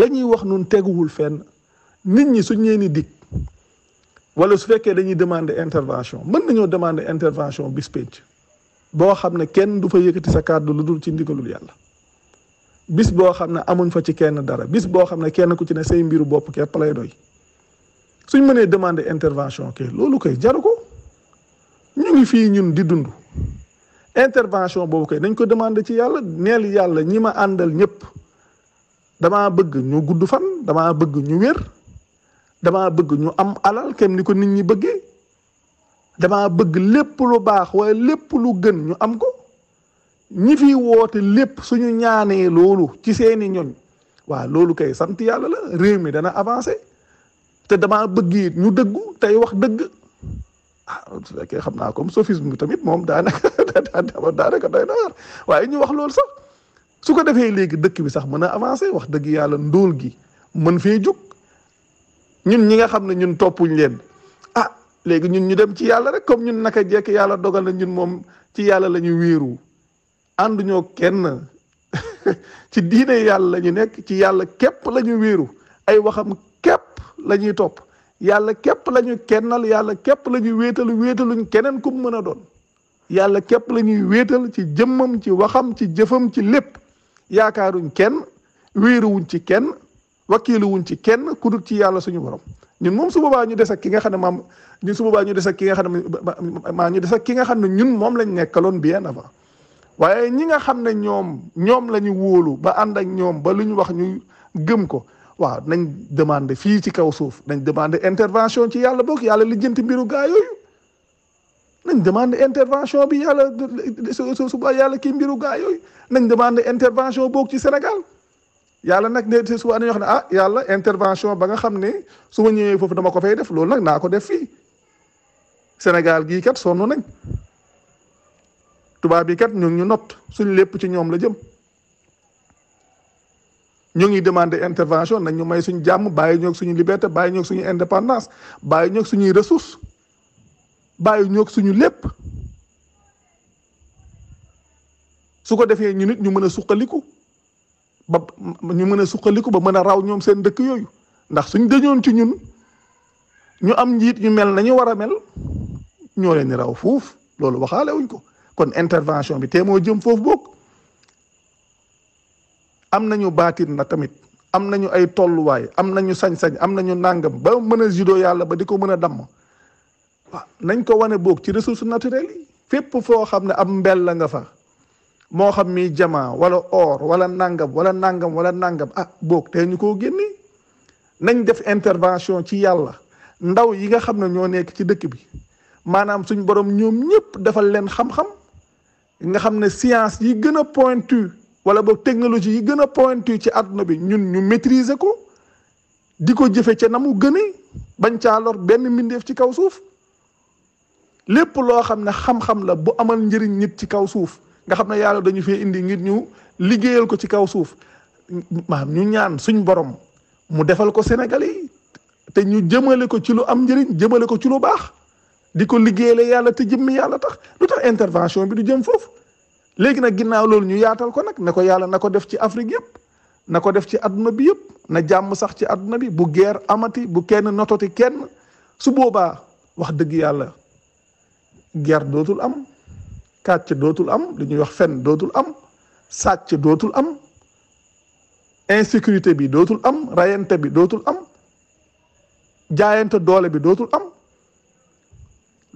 la ñuy wax nun teguwul fenn nit ñi suñ leen di dig wala su fekkee dañuy demander intervention mën nañoo demander intervention bis pénc boo xam ne kenn du fa yëkkati sa kàddu lu dul ci ndigalul yàlla bis boo xam ne amuñ fa ci kenn dara bis boo xam ne kenn ku ci ne say mbiru bopp képp lay doy suñ mënee demande intervention kay loolu koy jaru ko ñu ngi fii ñun di dund intervention boobu koy dañ ko demander ci yàlla neel yàlla ñi ma àndal ñëpp. damaa bëgg ñu gudd fan damaa bëgg ñu wér damaa bëgg ñu am alal kem ni ko nit ñi bëggee dama bëgg lépp lu baax waaye lépp lu gën ñu am ko ñi fi woote lépp suñu ñaanee loolu ci seeni ñoñ waaw loolu kay sant yàlla la réew mi dana avancé te dama bëgg it ñu dëggu tey wax dëgg ah su fekkee xam naa comme sophisme bi tamit moom daanaka daanaka doy waaye ñu wax loolu sax. su ko defee léegi dëkk bi sax mën a avancé wax dëgg yàlla ndóol gi mën fee jug ñun ñi nga xam ne ñun toppuñ leen ah léegi ñun ñu dem ci yàlla rek comme ñun naka jekk yàlla dogal na ñun moom ci yàlla la ñu wéeru ànduñoo kenn ci diine yàlla la ñu nekk ci yàlla képp la ñu wéeru ay waxam képp la ñuy topp yàlla képp la ñu kennal yàlla képp lañuy ñuy wéetalu wéetaluñ keneen ku mën a doon yàlla képp la ñuy wéetal ci jëmmam ci waxam ci jëfam ci lépp yaakaaruñ kenn wéeruwuñ ci kenn wakiiluwuñ ci kenn ku dul ci yàlla suñu borom ñun moom su boobaa ñu des ak ki nga xam ne maam ñun su ñu des ki nga xam ne maa ñu des ak nga xam ne ñun moom lañu nekkaloon bien ba waaye ñi nga xam ne ñoom ñoom la ñu wóolu ba ànd ak ñoom ba lu ñu wax ñu gëm ko waaw nañ demande fii ci kaw suuf nañ demande intervention ci yàlla boog yàlla lijjanti mbiru gaa yooyu nañ demande intervention bi yàlla su suba yàlla kii mbiru gaa yooyu nañ demande intervention boog ci Sénégal yàlla nag ne suba dañoo xam ne ah yàlla intervention ba nga xam ne su ma ñëwee foofu dama ko fay def loolu nag naa ko def fii Sénégal gii kat sonn nañ tubaab bi kat ñu ngi ñu not suñ lépp ci ñoom la jëm ñu ngi demande intervention nag ñu may suñ jàmm bàyyi ñoog suñu liberté bàyyi ñoog suñu indépendance bàyyi ñoog suñuy ressources bàyyi ñoog suñu lépp su ko defee ñu nit ñu mën a suqaliku ba ñu mën a suqaliku ba mën a raw ñoom seen dëkk yooyu ndax suñ dañoon ci ñun ñu am njiit ñu mel nañu war a mel ñoo leen ni raw fuuf loolu waxaale wuñ ko kon intervention bi tee moo jëm foofu bokk am nañu baatin na tamit am nañu ay tolluwaay am nañu sañ-sañ am nañu nàngam ba mën a judo yàlla ba di ko mën a damm Ah, nañ ko wane boog ci ressource naturelle yi fépp foo xam ne ab mbel la nga fa moo xam mi jamaa wala or wala nangam wala nangam wala nangam ah boog te ñu ko génne nañ def intervention ci yàlla ndaw yi nga xam ne ñoo nekk ci dëkk bi maanaam suñ borom ñoom ñëpp defal leen xam-xam nga xam ne science yi gën a pointu wala boog technologie yi gën a pointu ci àdduna bi ñun ñu maîtriser ko di ko jëfe ca na mu gënee bañ caa benn mbindeef ci kaw suuf lépp loo xam ne xam-xam la bu amal njëriñ nit ci kaw suuf nga xam ne yàlla dañu fee indi ngir ñu liggéeyal ko ci kaw suuf maam ñu ñaan suñ borom mu defal ko sénégali te ñu jëmale ko ci lu am njëriñ jëmale ko ci lu baax di ko liggéeyale yàlla te jëm jëmmi yàlla tax lu tax intervention bi du jëm foofu léegi nag ginnaaw loolu ñu yaatal ko nag ne ko yàlla na ko def ci Afrique yëpp na ko def ci adduna bi yëpp na jàmm sax ci adduna bi bu guerre amati bu kenn nototi kenn su boobaa wax dëgg yàlla guerre dootul am kàcc dootul am li wax fen dootul am sàcc dootul am insécurité bi dootul am rayente bi dootul am jaayante doole bi dootul am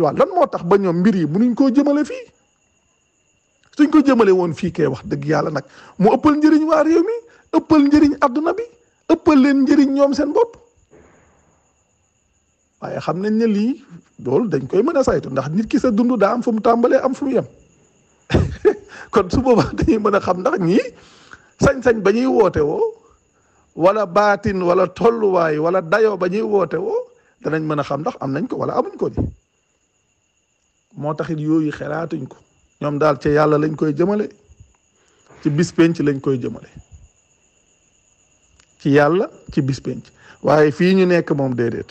waaw lan moo tax ba ñoom mbir yi nuñ koo jëmale fii suñ ko jëmale woon fii kay wax dëgg yàlla nag mu ëppal njëriñ waa réew mi ëppal njëriñ adduna bi ëppal leen njëriñ ñoom seen bopp waaye xam ne lii loolu dañ koy mën a saytu ndax nit ki sa dund daa am fu mu tàmbalee am fu mu yem kon su boobaa dañuy mën a xam ndax ñii sañ-sañ ba ñuy woote woo wala baatin wala tolluwaay wala dayoo ba ñuy woote woo danañ mën a xam ndax am nañ ko wala amuñ ko ni moo taxit yooyu xelaatuñ ko ñoom daal ci yàlla lañ koy jëmale ci bis lañ koy jëmale ci yàlla ci bis waaye fii ñu nekk moom déedéet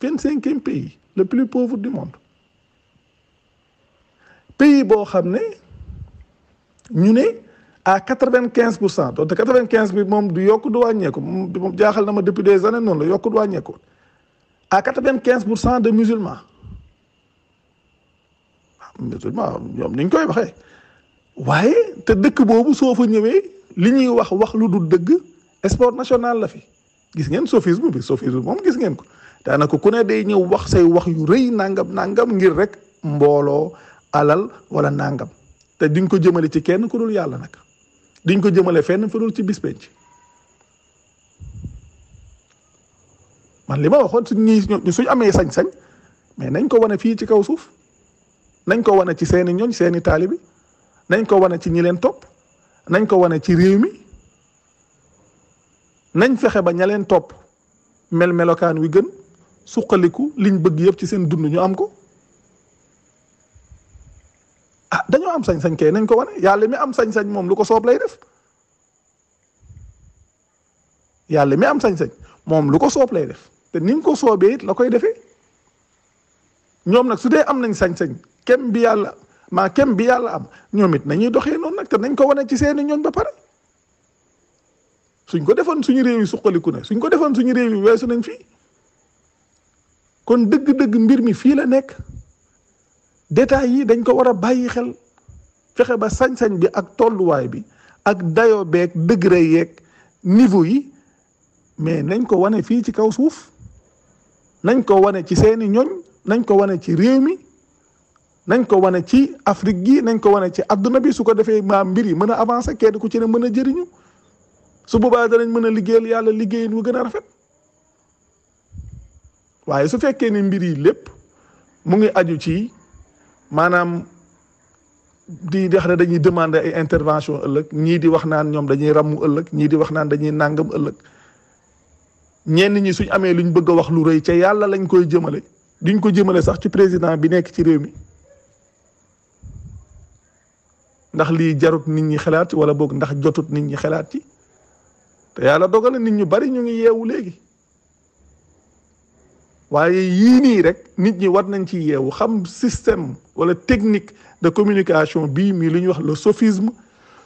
25e pays le plus pauvre du monde pays bo xamné ñu né à 95% donc 95 vingt quinze bi moom du yokk du wàññeeku mom jaaxal na ma depuis des années non la yokk du wàññeeku à 95% de musulmans ah, musulmans ñom ni ñu koy waxé waye te dëkk bobu soo fa ñëwee li ñuy wax wax lu du dëgg sport national la fi gis ngeen sophisme bi sophisme mom gis ngeen ko daanaka ku ne day ñëw wax say wax yu rëy nangam nangam ngir rek mbooloo alal wala nangam te diñ ko jëmale ci kenn ku dul yàlla nag diñ ko jëmale fenn fu dul ci bis penc man li ma waxoon suñ ñii suñ amee sañ-sañ mais nañ ko wane fii ci kaw suuf nañ ko wane ci seeni ñoñ seeni taalibi nañ ko wane ci ñi leen topp nañ ko wane ci réew mi nañ fexe ba ña leen topp mel melokaan wi gën suqaliku liñ bëgg yëpp ci seen dund ñu am ko ah dañoo am sañ-sañ kay nañ ko wane yàlla mi am sañ-sañ moom lu ko soob lay def mi am sañ moom lu ko soob def te ni ko soobee la koy defee ñoom nag su dee am nañ sañ-sañ kem bi yàlla maa kem bi yàlla am ñoom it nañuy doxee noonu nag te nañ ko wane ci seeni ñoñ ba pare suñ ko defoon suñu réew yi suqaliku na suñ ko defoon suñu réew yi weesu nañ fi kon dëgg-dëgg mbir mi fii la nekk détails yi dañ ko war a bàyyi xel fexe ba sañ-sañ bi ak tolluwaay bi ak dayo beeg degré yeeg niveau yi mais nañ ko wane fii ci kaw suuf nañ ko wane ci seeni ñoñ nañ ko wane ci réew mi nañ ko wane ci Afrique gi nañ ko wane ci adduna bi su ko defee maa mbir yi mën a avancer kenn ku ci ne mën a jëriñu su boobaa danañ mën a liggéeyal yàlla liggéeyin wu gën a rafet. waaye su fekkee ne mbir yi lépp mu ngi aju ci maanaam di wax ne dañuy demander ay intervention ëllëg ñii di wax naan ñoom dañuy ràmmu ëllëg ñii di wax naan dañuy nàngam ëllëg ñenn ñi suñ amee luñ bëgg a wax lu rëy ca yàlla lañ koy jëmale duñ ko jëmale sax ci président bi nekk ci réew mi ndax lii jarut nit ñi xalaat ci wala boog ndax jotut nit ñi xalaat ci te yàlla dogal nit ñu bari ñu ngi yeewu léegi waaye yii nii rek nit ñi war nañ ci yeewu xam système wala technique de communication bii mii lu ñuy wax le sophisme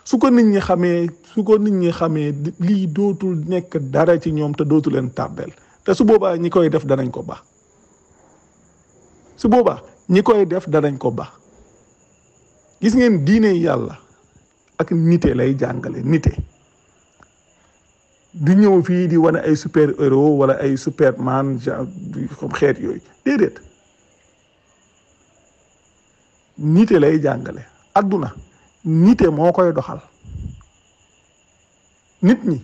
su ko nit ñi xamee su ko nit ñi xamee lii dootul nekk dara ci ñoom te dootu leen tàbbeel te su boobaa ñi koy def danañ ko baax su boobaa ñi koy def danañ ko baax gis ngeen diine yàlla ak nite lay jàngale nite di ñëw fii di wane ay super héros wala ay superman comme xeet yooyu déedéet nite lay jàngale adduna nite moo koy doxal nit ñi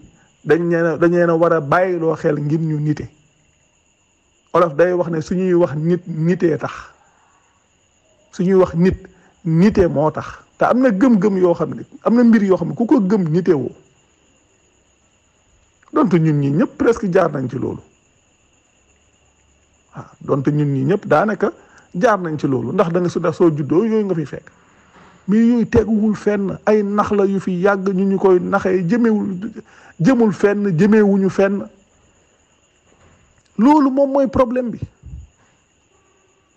dañ leen dañ leen a war a bàyyiloo xel ngir ñu nite olof day wax ne suñuy wax nit nitee tax suñuy wax nit nite moo tax te am na gëm-gëm yoo xam ne am na mbir yoo xam ne ku ko gëm nite donte ñun ñi ñëpp presque jaar nañ ci loolu waaw donte ñun ñi ñëpp daanaka jaar nañ ci loolu ndax da su def soo juddoo yooyu nga fi fekk mais yooyu teguwul fenn ay nax la yu fi yàgg ñu ñu koy naxee jëmewul jëmul fenn jëmewuñu fenn loolu moom mooy problème bi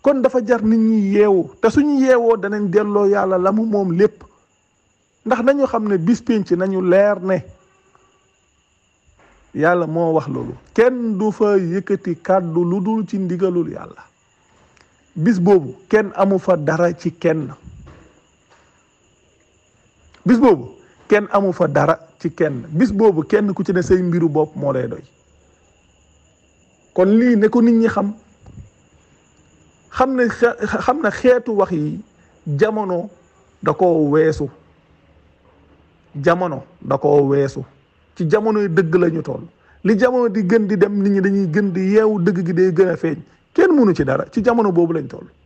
kon dafa jar nit ñi yeewu te suñu yeewoo danañ delloo yàlla la mu moom lépp ndax nañu xam ne bis nañu leer ne yàlla moo wax loolu kenn du fa yëkkati kàddu lu dul ci ndigalul yàlla bis boobu kenn amu fa dara ci kenn bis boobu kenn amu fa dara ci kenn bis boobu kenn ku ci ne say mbiru bopp moo lay doy kon lii ne ko nit ñi xam xam xam na xeetu wax yi jamono da koo weesu jamono da koo weesu ci jamonoy dëgg la ñu toll li jamono di gën di dem nit ñi dañuy gën di yeewu dëgg gi day gën a feeñ kenn mënu ci dara ci jamono boobu lañ tol